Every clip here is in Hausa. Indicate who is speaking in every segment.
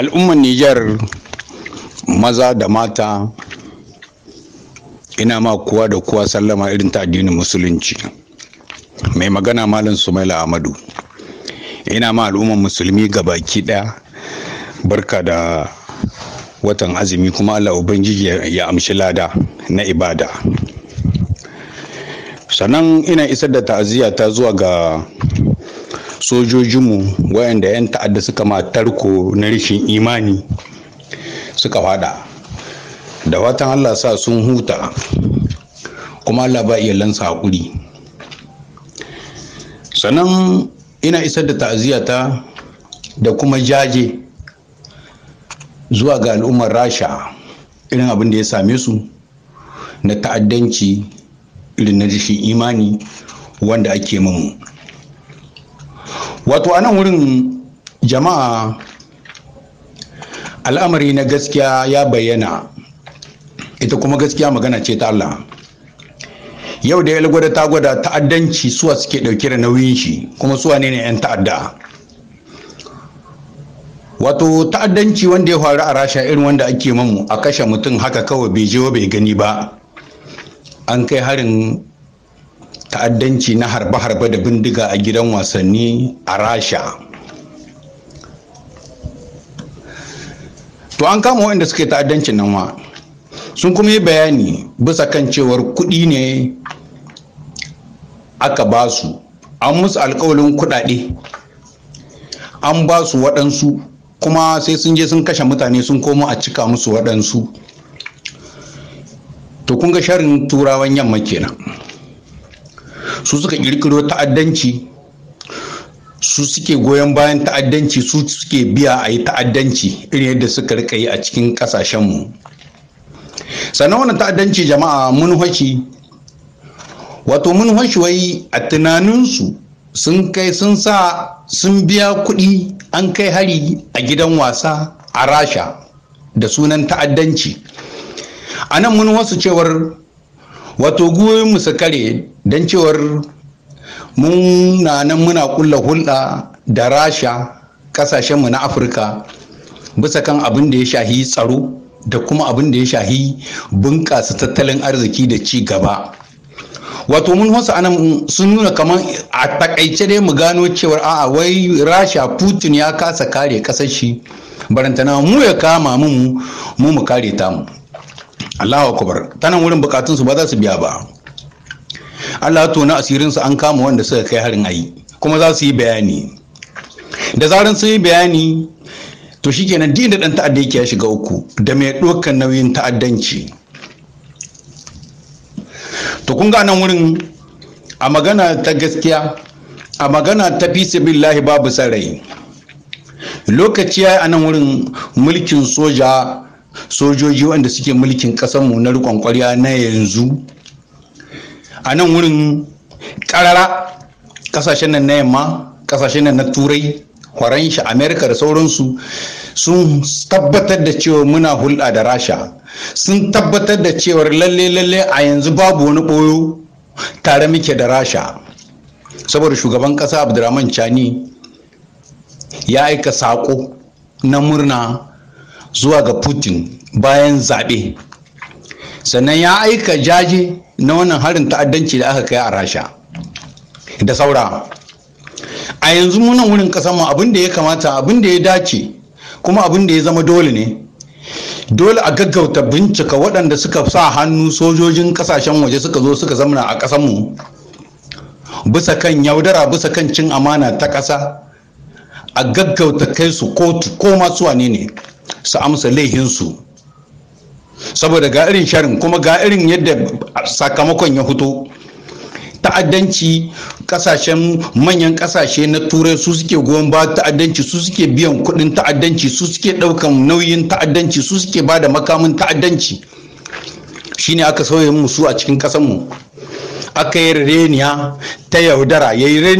Speaker 1: al'ummar Nijar maza da mata ina ma kuwa da kuwa sallama irin ta addinin musulunci mai magana malam sumaila amadu ina ma al'ummar musulmi ga baki ɗaya barka da watan azumi kuma allah ubangiji ya amshi lada na ibada sannan ina isar da ta'aziyya ta zuwa ga sojojinmu wayanda 'yan ta'adda suka ma na rashin imani suka fada da watan allah sa sun huta kuma allah ba iya lansa hakuri sannan ina isar da ta'aziyata da kuma jaje zuwa ga al'ummar rasha irin abin da ya same su na ta'addanci irin na rashin imani wanda ake mamu wato anan wurin jama'a al'amari na gaskiya ya bayyana ita kuma gaskiya magana ce ta Allah yau da ya ta gwada ta'addanci suwa suke ɗauke da nauyin shi kuma suwa ne ne 'yan ta'adda wato ta'addanci wanda ya faru a rasha irin wanda ake mamu a kashe mutum haka kawai bai je bai gani ba an kai harin ta'addanci na harbe-harbe da bindiga a gidan wasanni a rasha to an kama waɗanda suke ta'addancin nan wa, sun kuma yi bayani bisa kan cewar kuɗi ne aka ba su an musu alkawalin kuɗaɗe an ba su waɗansu kuma sai sun je sun kashe mutane sun koma a cika musu waɗansu to kun ga sharin turawan yamma kenan su suka kirkiro ta'addanci su suke goyon bayan ta'addanci su suke biya a yi ta'addanci irin yadda suka rika yi a cikin kasashenmu sannan wannan ta'addanci jama'a mun wato mun wai a tunaninsu sun kai sun sa sun biya kuɗi an kai hari a gidan wasa a rasha da sunan ta'addanci a nan mun wasu cewar wato mu su kare don cewar mun nan muna kulla hulɗa da rasha ƙasashenmu na afirka bisa kan abin da ya shahi tsaro da kuma abin da ya shahi bunƙasa tattalin arziki da ci gaba wato mun wasu anan sun nuna kamar a takaice dai mu gano cewar a'a wai rasha putin ya kasa kare kasar shi barantana mu ya kama mu mu mu kare ta mu Allahu akbar tanan wurin bukatun su ba za su biya ba Allah to na asirin su an kama wanda suka kai harin ayi kuma za su yi bayani da zaran sun yi bayani to shikenan din da dan ta'adda yake ya shiga uku da mai dokan nauyin ta'addanci to kun ga nan wurin a magana ta gaskiya a magana ta fi billahi babu sarai lokaci ya yi a nan wurin mulkin soja sojoji wanda suke mulkin mu na riƙon ƙwarya na yanzu a nan wurin ƙarara ƙasashen nan na yamma ƙasashen nan na turai faransa amerika da sauransu sun tabbatar da cewa muna hulɗa da rasha sun tabbatar da cewar lalle lalle a yanzu babu wani ɓoyo tare muke da rasha saboda shugaban ƙasa abdurrahman chani ya aika saƙo na murna zuwa ga putin bayan zaɓe sannan ya aika jaji na wannan harin ta'addanci da aka kai a rasha da saura a yanzu munan wurin ƙasar mu abin da ya kamata abin da ya dace kuma abin da ya zama dole ne dole a gaggauta bincika waɗanda suka sa hannu sojojin ƙasashen waje suka zo suka zamana a ƙasar mu bisa kan yaudara bisa kan cin amana ta ƙasa a gaggauta kai su kotu ko masu ne ne su amsa laihinsu saboda ga irin sharin kuma ga irin yadda sakamakon ya fito ta'addanci kasashen manyan kasashe na turai su suke goyon ba ta'addanci su suke biyan kudin ta'addanci su suke daukan nauyin ta'addanci su suke ba da makamin ta'addanci shine aka sauya su a cikin kasanmu aka yi reniya ta yaudara ya yi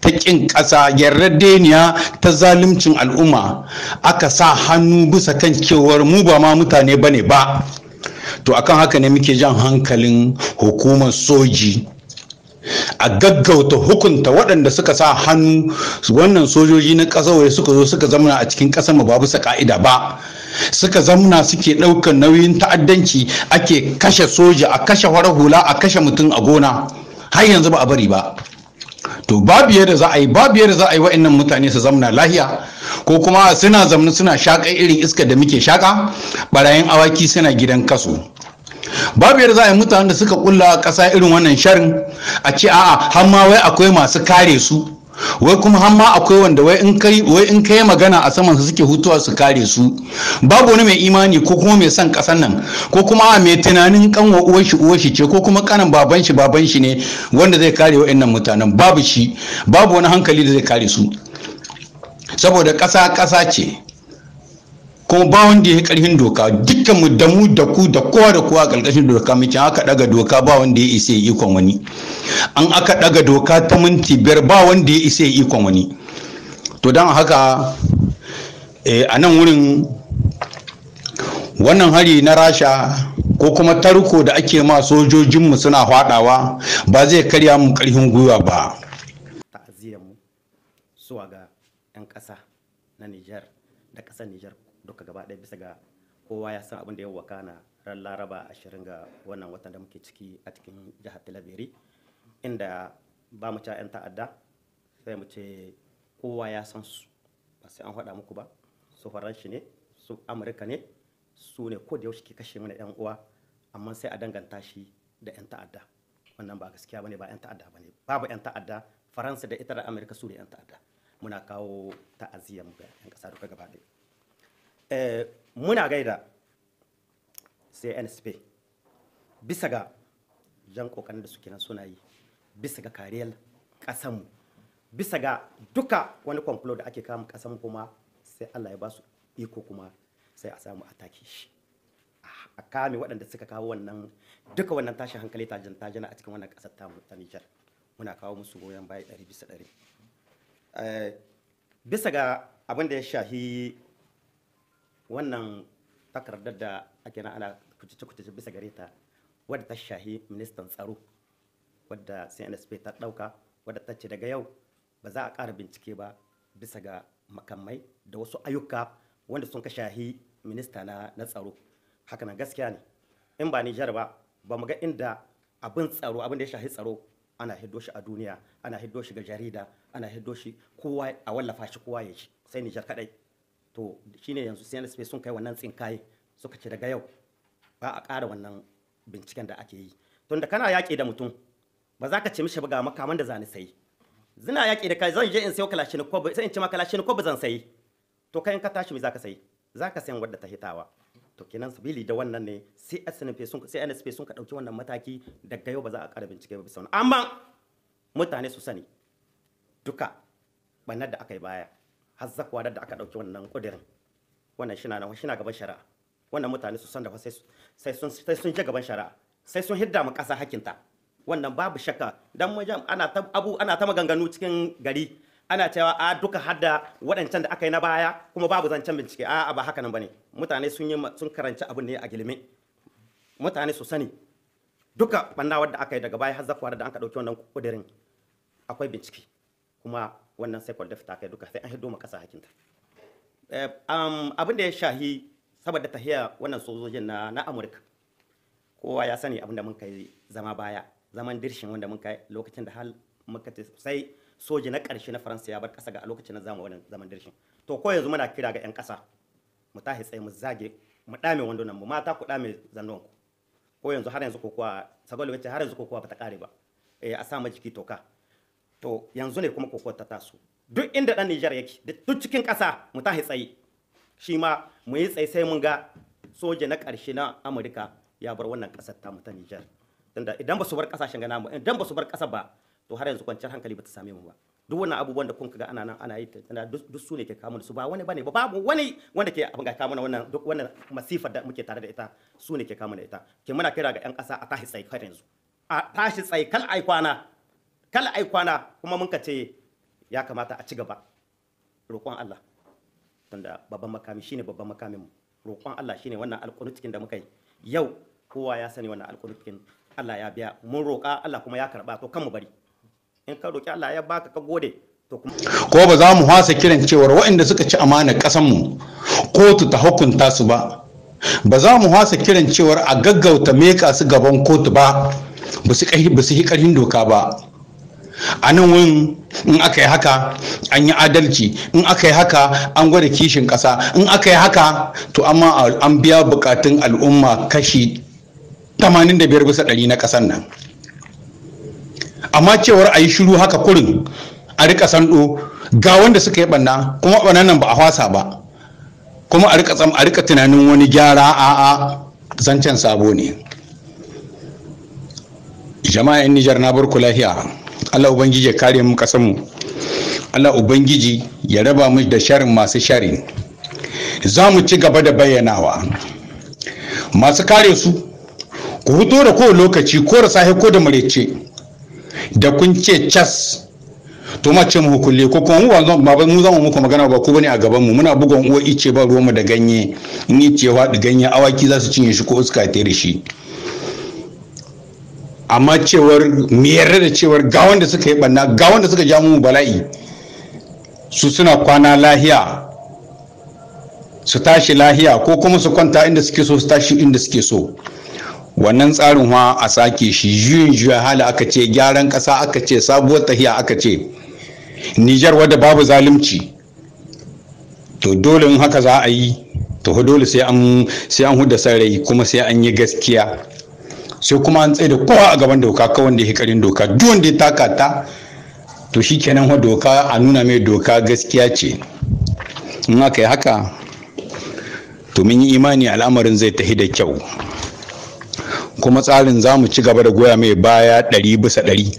Speaker 1: ta ƙin ƙasa yarda ta zaluncin al'umma aka sa hannu bisa kan cewar mu ba ma mutane ba ne ba to akan haka ne muke jan hankalin hukumar soji a gaggauta hukunta waɗanda suka sa hannu wannan sojoji na ƙasar suka zo suka zamana a cikin ƙasar mu ba bisa ka'ida ba suka zamna suke ɗaukar nauyin ta'addanci ake kashe soja a kashe farar hula a kashe mutum a gona har yanzu ba a bari ba to babu yadda za a yi babu yadda za a yi wa'annan mutane su zamna lahiya ko kuma suna zamana suna shaƙa irin iska da muke shaƙa barayin awaki suna gidan kaso babu yadda za a yi mutanen da suka kulla ƙasa irin wannan sharin a ce a'a har ma wai akwai masu kare su wai kuma har ma akwai wanda wai in kai wai in kai magana a saman su suke hutuwa su kare su babu wani mai imani ko kuma mai son ƙasar nan ko kuma a mai tunanin kanwa uwar shi uwar shi ce ko kuma kanan baban shi baban shi ne wanda zai kare wa'annan mutanen babu shi babu wani hankali da zai kare su saboda ƙasa ƙasa ce kuma ba wanda ya karfin doka dukkan mu da mu da ku da kowa da kowa karkashin doka mu can aka daga doka ba wanda ya isa ikon wani an aka daga doka ta minti biyar ba wanda ya isa ikon wani to don haka eh, a nan wurin wannan hari na rasha ko kuma tarko da ake ma sojojinmu suna faɗawa ba zai karya mu karfin gwiwa ba ta'aziyarmu
Speaker 2: ga 'yan ƙasa na da ƙasar Nijar duka gaba ɗaya bisa ga kowa ya san abin da ya na ran laraba ashirin ga wannan watan da muke ciki a cikin jihar talabiri inda ba mu ca 'yan ta'adda sai mu ce kowa ya san su ba sai an faɗa muku ba su faranshi ne su amurka ne su ne ko da yaushe ke kashe mana 'yan uwa amma sai a danganta shi da 'yan ta'adda wannan ba gaskiya bane ba 'yan ta'adda bane babu 'yan ta'adda faransa da ita da amurka su ne 'yan ta'adda muna kawo ta'aziyyar mu ga 'yan ƙasa duka gaba ɗaya Eh, muna gaida cnsp bisa ga jan kokarin da suke nan suna yi bisa ga kariyar kasanmu bisa ga duka wani kwamfulo da ake kama kasanmu kuma sai allah ya ba su iko kuma sai a samu take shi a kame waɗanda suka kawo wannan duka wannan tashin hankali tajin tajina a cikin wannan ƙasar ta nijar muna kawo musu goyon baya ɗari bisa ɗari eh, bisa ga abin da ya shahi wannan takardar da ake na ana kucice-kucice bisa gare ta wadda ta shahi ministan tsaro wadda cnsp ta ɗauka wadda ta ce daga yau ba za a ƙara bincike ba bisa ga makamai da wasu ayyuka wanda sun ka shahi minista na tsaro haka nan gaskiya ne in ba nijar ba ba mu ga inda abin tsaro abin da ya shahi tsaro ana hiddo shi a duniya ana hiddo shi ga jarida ana hiddo shi kowa a wallafa shi kowa ya shi sai nijar kadai to shine yanzu sai sai sun kai wannan tsinkaye suka ce daga yau ba a ƙara wannan binciken da ake yi tunda kana yaƙi da mutum ba za ka ce mishi ga makaman da zani sai zina yaƙi da kai zan je in sayo kalashnikov sai in ci ma kalashnikov zan sayi to kai in ka tashi me za ka sayi za ka sayan wadda ta hitawa to kenan sabili da wannan ne sai SNP sun sai NSP sun ka dauki wannan mataki daga yau ba za a ƙara bincike ba bisa amma mutane su sani duka bannar da aka yi baya har zakwa da aka dauki wannan kudirin wannan shi na nan shi na gaban shari'a wannan mutane su san da sai sun sai sun je gaban shari'a sai sun hidda mu kasa hakinta wannan babu shakka dan mujam ana ta abu ana ta maganganu cikin gari ana cewa a duka hadda waɗancan da aka yi na baya kuma babu zancen bincike a ba haka nan bane mutane sun yi sun karanci abin ne a gilme mutane su sani duka banda wadda aka yi daga baya har zakwara da an ka dauki wannan kudirin akwai bincike kuma wannan sai kwaldaf ta kai duka sai an hiddo ma kasa hakinta eh, abin da ya shahi saboda tahiya wannan sojojin na na amurka kowa ya sani abin da mun kai zama baya zaman dirshin wanda mun kai lokacin da hal muka sai soji na karshe na faransa ya bar kasa ga lokacin na zama wannan zaman dirshin to ko yanzu muna kira ga yan kasa mu tahi tsaye mu zage mu dame wandunan mu mata ku dame zannon ku ko yanzu har yanzu kokowa sagwalo har yanzu kokowa bata kare ba eh, a sa jiki toka to yanzu ne kuma kokowar ta taso duk inda dan Nijar yake duk cikin ƙasa mu tahi tsaye shi ma mu yi tsaye sai mun ga soja na ƙarshe na Amurka ya bar wannan ƙasar ta mu ta Nijar tunda idan ba su bar ƙasashen ga namu idan ba su bar ƙasa ba to har yanzu kwanciyar hankali ba ta same mu ba duk wannan abubuwan da kun ga ana nan ana yi tana duk su ne ke kamun su ba wani bane ba babu wani wanda ke abin ga mana wannan duk wannan masifar da muke tare da ita su ne ke kawo da ita ke muna kira ga yan ƙasa a tashi tsaye har yanzu a tashi tsaye kal ai kwana kala ai kwana kuma mun ka ce ya kamata a ci gaba roƙon Allah tunda babban makami shine babban makamin mu roƙon Allah shine wannan cikin da muka yi yau kowa ya sani wannan cikin. Allah ya biya mun roƙa Allah kuma ya karba to kanmu bari in ka roƙi Allah ya baka ka gode to
Speaker 1: kuma ko ba za mu hasa kiran cewar waɗanda suka ci amana ƙasar mu kotu ta hukunta su ba ba za mu hasa kiran cewar a gaggauta meka su gaban kotu ba ba su yi ƙarfin doka ba a nan wurin in aka yi haka an yi adalci in aka yi haka an gwada kishin ƙasa in aka yi haka to amma an biya bukatun al'umma kashi 85 bisa ɗari na ƙasar nan amma cewar a yi shiru haka kurin a rika sando ga wanda suka yi banna, kuma ɓannan nan ba a hwasa ba kuma a rika a rika tunanin wani gyara a a zancen sabo ne jama'a 'yan nijar na barku lafiya Allah ubangiji ya kare mu kasanmu Allah ubangiji ya raba mu da sharin masu sharin. za mu ci gaba da bayyanawa masu kare su ku fito da kowane lokaci ko da sahi ko da marece da kun ce cas to ma ce mu kulle ko kuma mu ba mu zama muku magana ba ku bane a gaban mu muna bugon uwa ice ba mu da ganye in cewa da ganye awaki za su cinye shi ko iska ta shi amma cewar mu da cewar ga wanda suka yi banna ga wanda suka ja mu bala'i su suna kwana lahiya su tashi lahiya ko kuma su kwanta inda suke so su tashi inda suke so wannan tsarin ha a sake shi juyin juya hali aka ce gyaran ƙasa aka ce sabuwar tahiya aka ce nijar wadda babu zalunci to dole in haka za a yi to dole sai an sai an huda sarai kuma sai an yi gaskiya sai kuma an tsaye da kowa a gaban doka kawai wanda ya karin doka duk wanda ya taka ta to kenan wa doka a nuna mai doka gaskiya ce in aka yi haka to mun yi imani al'amarin zai tafi da kyau kuma tsarin za mu ci gaba da goya mai baya ɗari bisa ɗari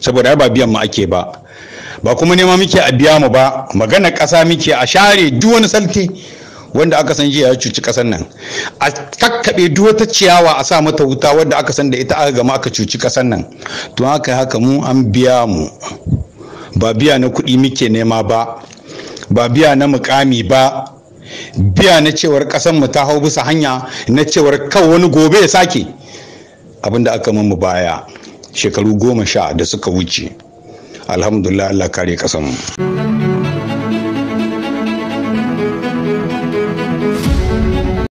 Speaker 1: saboda ba biyan mu ake ba ba kuma nema muke a biya mu ba magana ƙasa muke a share duk wani salti wanda aka san jiya ya cuci kasar nan a kakkaɓe duk wata ciyawa a sa mata wuta wanda aka san da ita aka gama aka cuci kasar nan to haka haka mu an biya mu ba biya na kuɗi muke nema ba ba biya na mukami ba biya na cewar ƙasar mu ta hau bisa hanya na cewar kan wani gobe ya sake abin da aka mu baya shekaru goma sha da suka wuce alhamdulillah allah kare ƙasar mu